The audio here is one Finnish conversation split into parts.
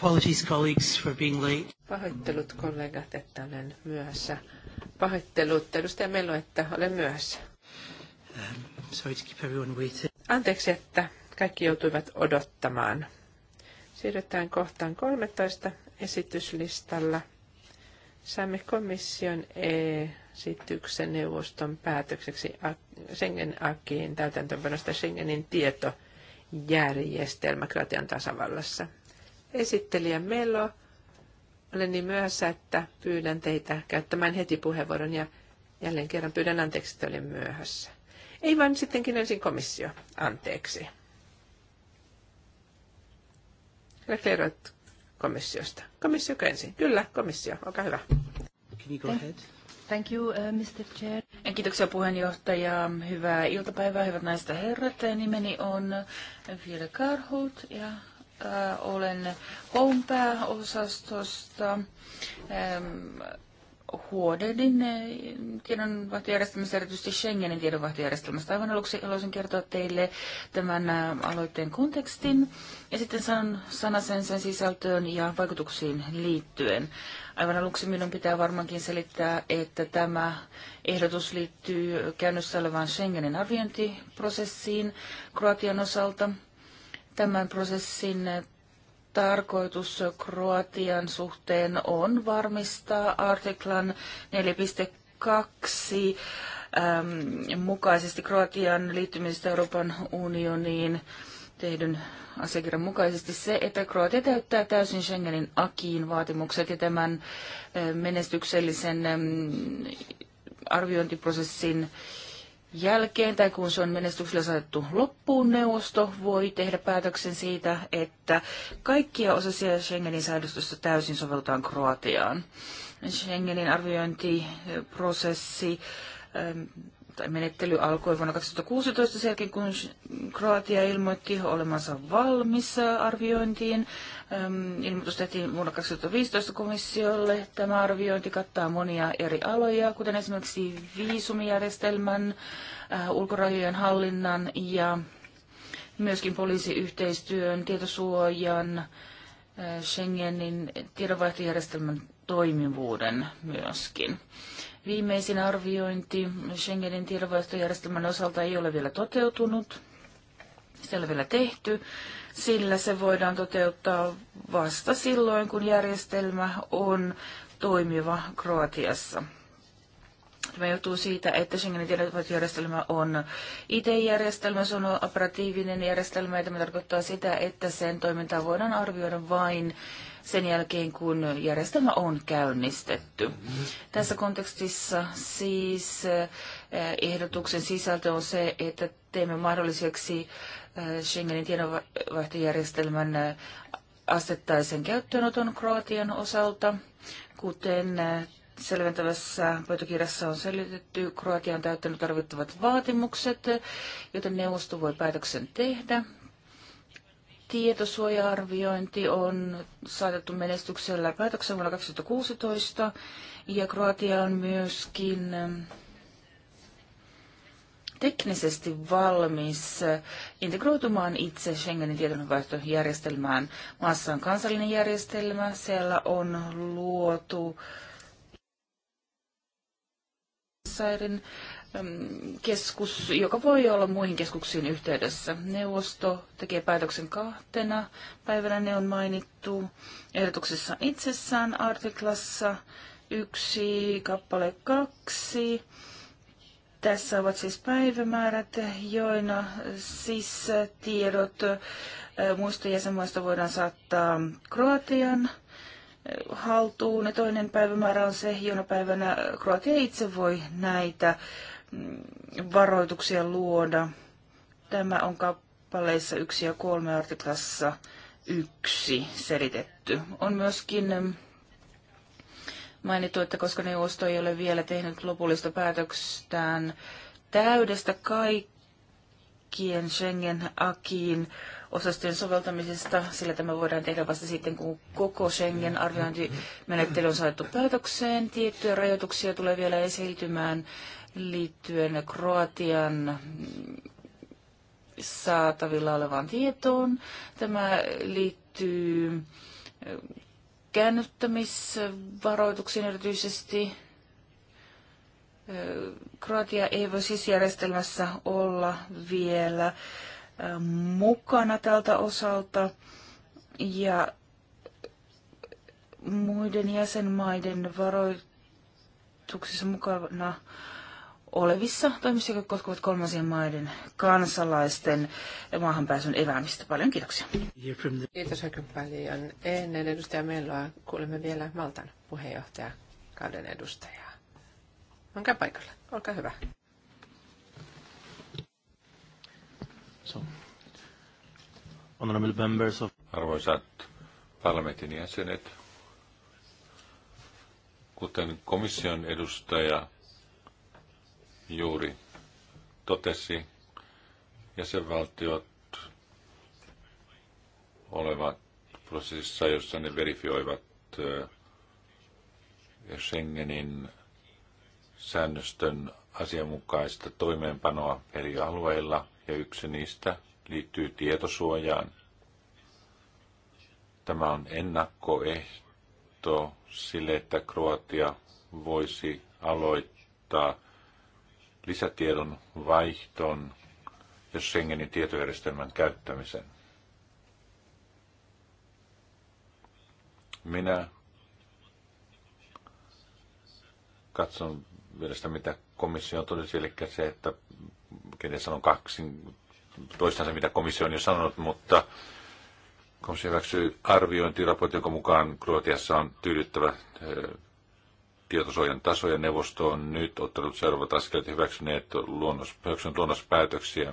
Apologies colleagues for being late. Pahoittelut kollegat, että olen myöhässä. Pahoittelut edustaja Melo, että olen myöhässä. Um, sorry to keep everyone waiting. Anteeksi, että kaikki joutuivat odottamaan. Siirrytään kohtaan 13 esityslistalla. Saamme komission esityksen neuvoston päätökseksi Schengen-akiin täytäntöönpanosta Schengenin tietojärjestelmä Kroatian tasavallassa esittelijä Melo. Olen niin myöhässä, että pyydän teitä käyttämään heti puheenvuoron ja jälleen kerran pyydän anteeksi, että olin myöhässä. Ei vaan sittenkin ensin komissio. Anteeksi. Refleroit komissiosta. Komissio ensin. Kyllä, komissio. Olkaa hyvä. Thank you, uh, Mr. Chair. Kiitoksia puheenjohtaja. Hyvää iltapäivää, hyvät naiset ja herrat. Nimeni on Ville Karhut ja Äh, olen Home pääosastosta. Ähm, Huodehdin äh, erityisesti Schengenin tiedonvaihtojärjestelmästä. Aivan aluksi haluaisin kertoa teille tämän äh, aloitteen kontekstin ja sitten sanon sanasen sen, sen sisältöön ja vaikutuksiin liittyen. Aivan aluksi minun pitää varmaankin selittää, että tämä ehdotus liittyy käynnissä olevaan Schengenin arviointiprosessiin Kroatian osalta – Tämän prosessin tarkoitus Kroatian suhteen on varmistaa artiklan 4.2 ähm, mukaisesti Kroatian liittymisestä Euroopan unioniin tehdyn asiakirjan mukaisesti se, että Kroatia täyttää täysin Schengenin akiin vaatimukset ja tämän äh, menestyksellisen ähm, arviointiprosessin jälkeen tai kun se on menestyksellä saatettu loppuun, neuvosto voi tehdä päätöksen siitä, että kaikkia osasia Schengenin säädöstöstä täysin sovelletaan Kroatiaan. Schengenin arviointiprosessi tai menettely alkoi vuonna 2016 sen jälkeen, kun Kroatia ilmoitti olemansa valmis arviointiin. ilmoitus tehtiin vuonna 2015 komissiolle. Tämä arviointi kattaa monia eri aloja, kuten esimerkiksi viisumijärjestelmän, äh, ulkorajojen hallinnan ja myöskin poliisiyhteistyön, tietosuojan, äh, Schengenin tiedonvaihtojärjestelmän toimivuuden myöskin. Viimeisin arviointi Schengenin tietovaihtojärjestelmän osalta ei ole vielä toteutunut. Se ei ole vielä tehty, sillä se voidaan toteuttaa vasta silloin, kun järjestelmä on toimiva Kroatiassa. Tämä johtuu siitä, että Schengenin tiedonvaihtojärjestelmä on IT-järjestelmä, se on operatiivinen järjestelmä ja tämä tarkoittaa sitä, että sen toimintaa voidaan arvioida vain sen jälkeen, kun järjestelmä on käynnistetty. Tässä kontekstissa siis eh, ehdotuksen sisältö on se, että teemme mahdolliseksi eh, Schengenin tiedonvaihtojärjestelmän eh, asettaisen käyttöönoton Kroatian osalta, kuten selventävässä pöytäkirjassa on selitetty, Kroatia on täyttänyt tarvittavat vaatimukset, joten neuvosto voi päätöksen tehdä. Tietosuoja-arviointi on saatettu menestyksellä päätöksen vuonna 2016 ja Kroatia on myöskin ähm, teknisesti valmis äh, integroitumaan itse Schengenin tiedonvaihtojärjestelmään. Maassa on kansallinen järjestelmä, siellä on luotu äh, Buenos-Airin keskus, joka voi olla muihin keskuksiin yhteydessä. Neuvosto tekee päätöksen kahtena. Päivänä ne on mainittu ehdotuksessa itsessään artiklassa 1, kappale 2. Tässä ovat siis päivämäärät, joina siis tiedot muista jäsenmaista voidaan saattaa Kroatian haltuun. Ja toinen päivämäärä on se, jona päivänä Kroatia itse voi näitä mm, varoituksia luoda. Tämä on kappaleissa 1 ja 3 artiklassa 1 selitetty. On myöskin mm, mainittu, että koska neuvosto ei ole vielä tehnyt lopullista päätöstään täydestä kaikkea, kaikkien Schengen-akiin osastojen soveltamisesta, sillä tämä voidaan tehdä vasta sitten, kun koko Schengen-arviointimenettely on saatu päätökseen. Tiettyjä rajoituksia tulee vielä esiintymään liittyen Kroatian saatavilla olevaan tietoon. Tämä liittyy käännyttämisvaroituksiin erityisesti Kroatia ei voi siis järjestelmässä olla vielä mukana tältä osalta ja muiden jäsenmaiden varoituksissa mukana olevissa toimissa, jotka koskevat kolmansien maiden kansalaisten maahanpääsyn eväämistä. Paljon kiitoksia. Kiitos oikein paljon. Ennen edustaja Melloa kuulemme vielä Maltan puheenjohtaja kauden edustajaa. Onkaa no, paikalla. Olkaa hyvä. So. Honorable members of... Arvoisat parlamentin jäsenet, kuten komission edustaja juuri totesi, jäsenvaltiot olevat prosessissa, jossa ne verifioivat Schengenin säännöstön asianmukaista toimeenpanoa eri alueilla, ja yksi niistä liittyy tietosuojaan. Tämä on ennakkoehto sille, että Kroatia voisi aloittaa lisätiedon vaihton ja Schengenin tietojärjestelmän käyttämisen. Minä katson mielestä, mitä komissio on todennut, eli se, että kenen sanon kaksi, toistan se, mitä komissio on jo sanonut, mutta komissio hyväksyy arviointiraportin, jonka mukaan Kroatiassa on tyydyttävä tietosuojan taso ja neuvosto on nyt ottanut seuraavat askeleet ja hyväksyneet luonnos, hyväksynyt luonnospäätöksiä.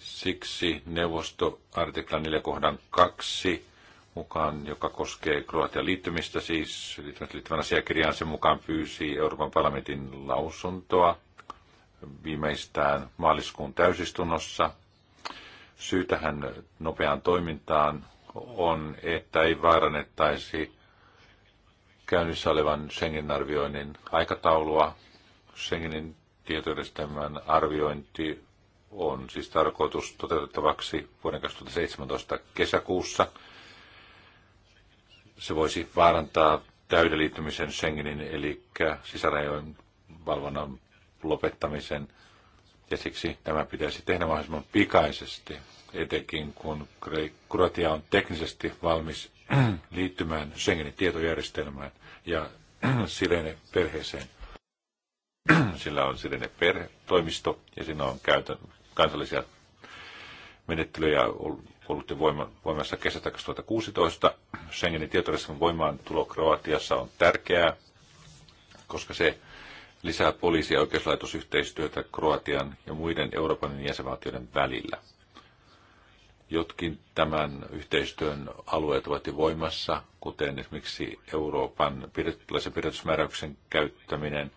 Siksi neuvosto artikla 4 kohdan 2 mukaan, joka koskee Kroatian liittymistä, siis liittymän asiakirjaan sen mukaan pyysi Euroopan parlamentin lausuntoa viimeistään maaliskuun täysistunnossa. Syytähän nopeaan toimintaan on, että ei vaarannettaisi käynnissä olevan Schengen-arvioinnin aikataulua. Schengenin tietojärjestelmän arviointi on siis tarkoitus toteutettavaksi vuoden 2017 kesäkuussa – se voisi vaarantaa täyden liittymisen Schengenin, eli sisärajojen valvonnan lopettamisen. Ja siksi tämä pitäisi tehdä mahdollisimman pikaisesti, etenkin kun Kroatia on teknisesti valmis liittymään Schengenin tietojärjestelmään ja Sirene perheeseen. Sillä on Sirene perhe, toimisto ja siinä on käytön kansallisia menettelyjä ollut jo voima, voimassa kesästä 2016. Schengenin tietojärjestelmän voimaantulo Kroatiassa on tärkeää, koska se lisää poliisi- ja oikeuslaitosyhteistyötä Kroatian ja muiden Euroopan jäsenvaltioiden välillä. Jotkin tämän yhteistyön alueet ovat jo voimassa, kuten esimerkiksi Euroopan pidätysmääräyksen käyttäminen –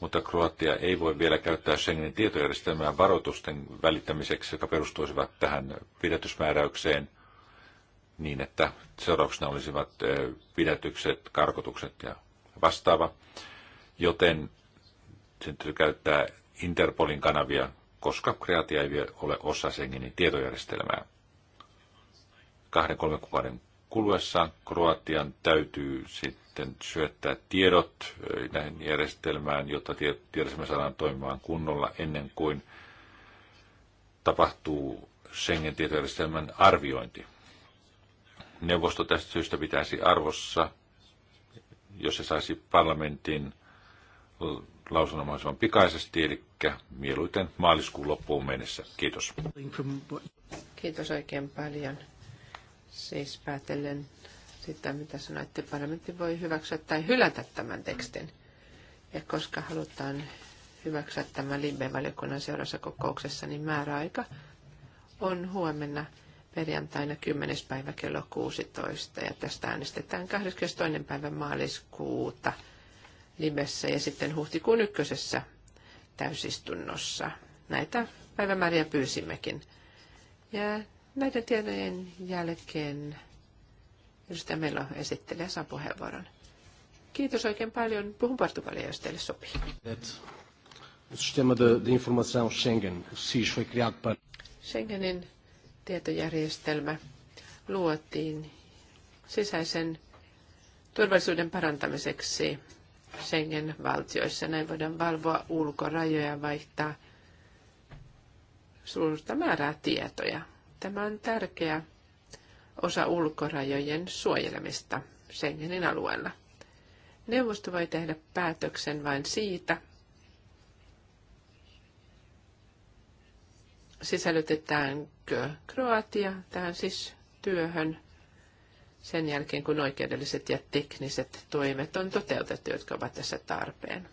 mutta Kroatia ei voi vielä käyttää Schengenin tietojärjestelmää varoitusten välittämiseksi, joka perustuisivat tähän pidätysmääräykseen niin, että seurauksena olisivat pidätykset, karkotukset ja vastaava. Joten sen täytyy käyttää Interpolin kanavia, koska Kroatia ei vielä ole osa Schengenin tietojärjestelmää. Kahden kolmen kuukauden kuluessaan Kroatian täytyy sitten syöttää tiedot näihin järjestelmään, jotta järjestelmä saadaan toimimaan kunnolla ennen kuin tapahtuu Schengen-tietojärjestelmän arviointi. Neuvosto tästä syystä pitäisi arvossa, jos se saisi parlamentin lausunnon mahdollisimman pikaisesti, eli mieluiten maaliskuun loppuun mennessä. Kiitos. Kiitos oikein paljon. Siis päätellen sitä, mitä sanoitte, parlamentti voi hyväksyä tai hylätä tämän tekstin. Ja koska halutaan hyväksyä tämä Libe-valiokunnan seuraavassa kokouksessa, niin määräaika on huomenna perjantaina 10. päivä kello 16 ja tästä äänestetään 22. päivä maaliskuuta Libessä ja sitten huhtikuun ykkösessä täysistunnossa. Näitä päivämääriä pyysimmekin. Ja Näiden tietojen jälkeen edustaja Melo esittelee saa puheenvuoron. Kiitos oikein paljon. Puhun portugalia, jos teille sopii. Schengenin tietojärjestelmä luotiin sisäisen turvallisuuden parantamiseksi Schengen-valtioissa. Näin voidaan valvoa ulkorajoja ja vaihtaa suurta määrää tietoja Tämä on tärkeä osa ulkorajojen suojelemista Schengenin alueella. Neuvosto voi tehdä päätöksen vain siitä, sisällytetäänkö Kroatia tähän siis työhön sen jälkeen, kun oikeudelliset ja tekniset toimet on toteutettu, jotka ovat tässä tarpeen.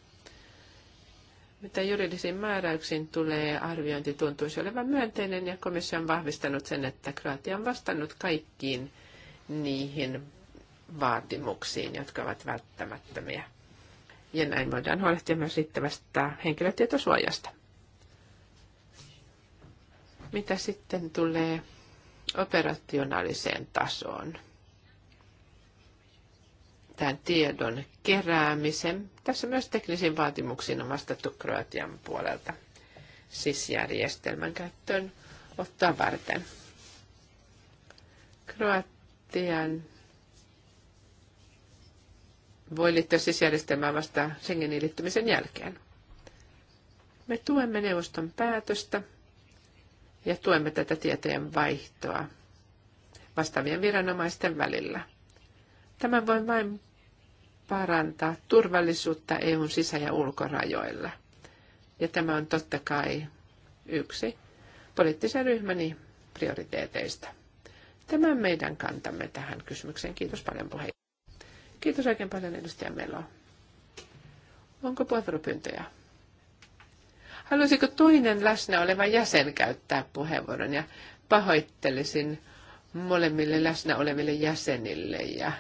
Mitä juridisiin määräyksiin tulee, arviointi tuntuisi olevan myönteinen ja komissio on vahvistanut sen, että Kroatia on vastannut kaikkiin niihin vaatimuksiin, jotka ovat välttämättömiä. Ja näin voidaan huolehtia myös riittävästä henkilötietosuojasta. Mitä sitten tulee operationaaliseen tasoon? tämän tiedon keräämisen. Tässä myös teknisiin vaatimuksiin on vastattu Kroatian puolelta siis järjestelmän käyttöön ottaa varten. Kroatian voi liittyä siis järjestelmään vasta Schengenin liittymisen jälkeen. Me tuemme neuvoston päätöstä ja tuemme tätä tietojen vaihtoa vastaavien viranomaisten välillä. Tämän voin vain parantaa turvallisuutta EUn sisä- ja ulkorajoilla. Ja tämä on totta kai yksi poliittisen ryhmäni prioriteeteista. Tämä on meidän kantamme tähän kysymykseen. Kiitos paljon puheenjohtaja. Kiitos oikein paljon edustaja Melo. Onko puheenvuoropyyntöjä? Haluaisiko toinen läsnä oleva jäsen käyttää puheenvuoron ja pahoittelisin molemmille läsnä oleville jäsenille ja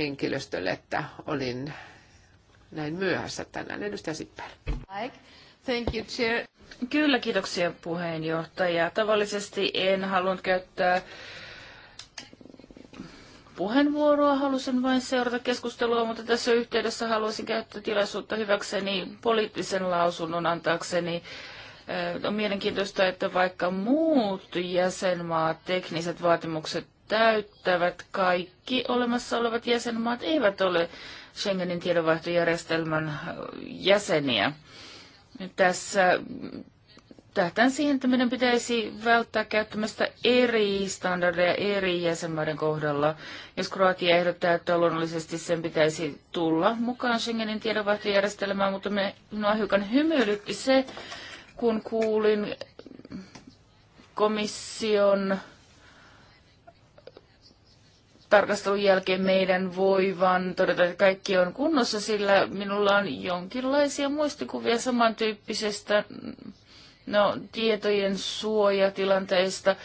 henkilöstölle, että olin näin myöhässä tänään. Edustaja Sippel. Thank you, chair. Kyllä, kiitoksia puheenjohtaja. Tavallisesti en halunnut käyttää puheenvuoroa, halusin vain seurata keskustelua, mutta tässä yhteydessä haluaisin käyttää tilaisuutta hyväkseni poliittisen lausunnon antaakseni. Äh, on mielenkiintoista, että vaikka muut jäsenmaat tekniset vaatimukset täyttävät kaikki olemassa olevat jäsenmaat eivät ole Schengenin tiedonvaihtojärjestelmän jäseniä. Tässä tähtään siihen, että meidän pitäisi välttää käyttämästä eri standardeja eri jäsenmaiden kohdalla. Jos Kroatia ehdottaa, että luonnollisesti sen pitäisi tulla mukaan Schengenin tiedonvaihtojärjestelmään, mutta minua hiukan hymyilytti se, kun kuulin komission tarkastelun jälkeen meidän voivan todeta, että kaikki on kunnossa, sillä minulla on jonkinlaisia muistikuvia samantyyppisestä no, tietojen suojatilanteesta,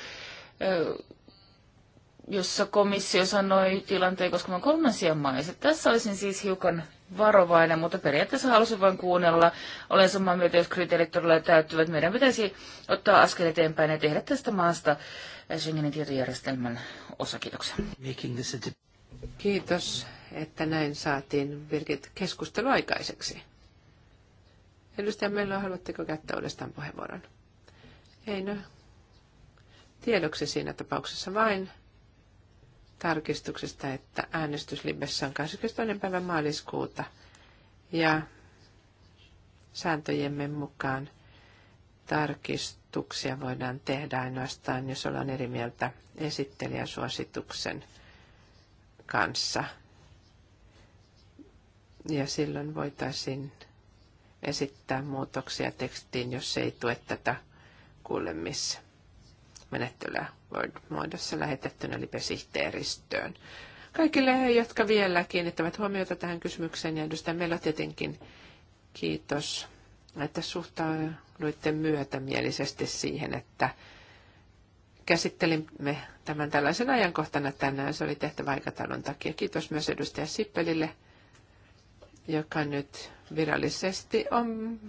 jossa komissio sanoi tilanteen koskemaan kolmansia maissa. Tässä olisin siis hiukan varovainen, mutta periaatteessa halusin vain kuunnella. Olen samaa mieltä, jos kriteerit todella täyttyvät. Meidän pitäisi ottaa askel eteenpäin ja tehdä tästä maasta Schengenin tietojärjestelmän osa. Kiitoksia. Kiitos, että näin saatiin Birgit keskustelu aikaiseksi. Edustaja Mello, haluatteko käyttää uudestaan puheenvuoron? Ei no. Tiedoksi siinä tapauksessa vain tarkistuksesta, että äänestyslibessä on 22. päivä maaliskuuta ja sääntöjemme mukaan tarkistuksia voidaan tehdä ainoastaan, jos ollaan eri mieltä esittelijäsuosituksen kanssa. Ja silloin voitaisiin esittää muutoksia tekstiin, jos ei tue tätä kuulemissa menettelyä Word-muodossa lähetettynä lipesihteeristöön. Kaikille, jotka vielä kiinnittävät huomiota tähän kysymykseen, ja edustaja Melo tietenkin kiitos, että suhtauduitte myötämielisesti siihen, että käsittelimme tämän tällaisen ajankohtana tänään. Se oli tehtävä aikataulun takia. Kiitos myös edustaja Sippelille, joka nyt virallisesti on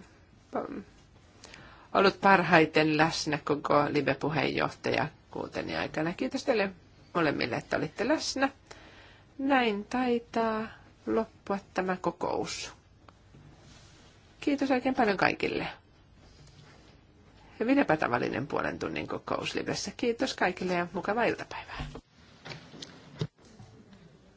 ollut parhaiten läsnä koko live-puheenjohtaja kuuteni aikana. Kiitos teille molemmille, että olitte läsnä. Näin taitaa loppua tämä kokous. Kiitos oikein paljon kaikille. Hyvin epätavallinen puolen tunnin kokous livessä. Kiitos kaikille ja mukavaa iltapäivää.